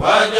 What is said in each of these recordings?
waa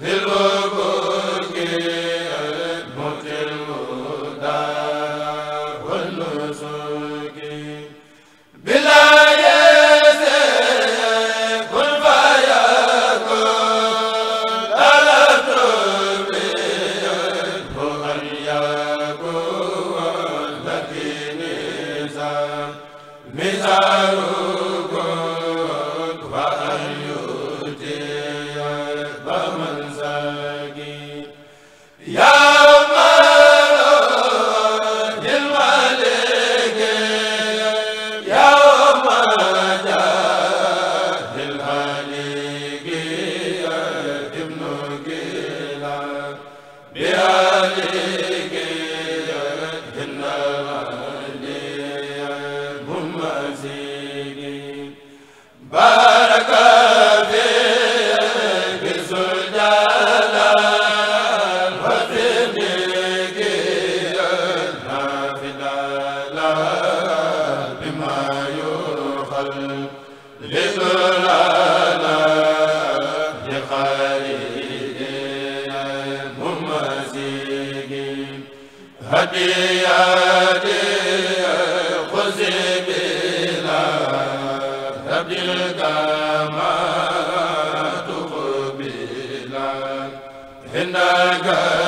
lil Inna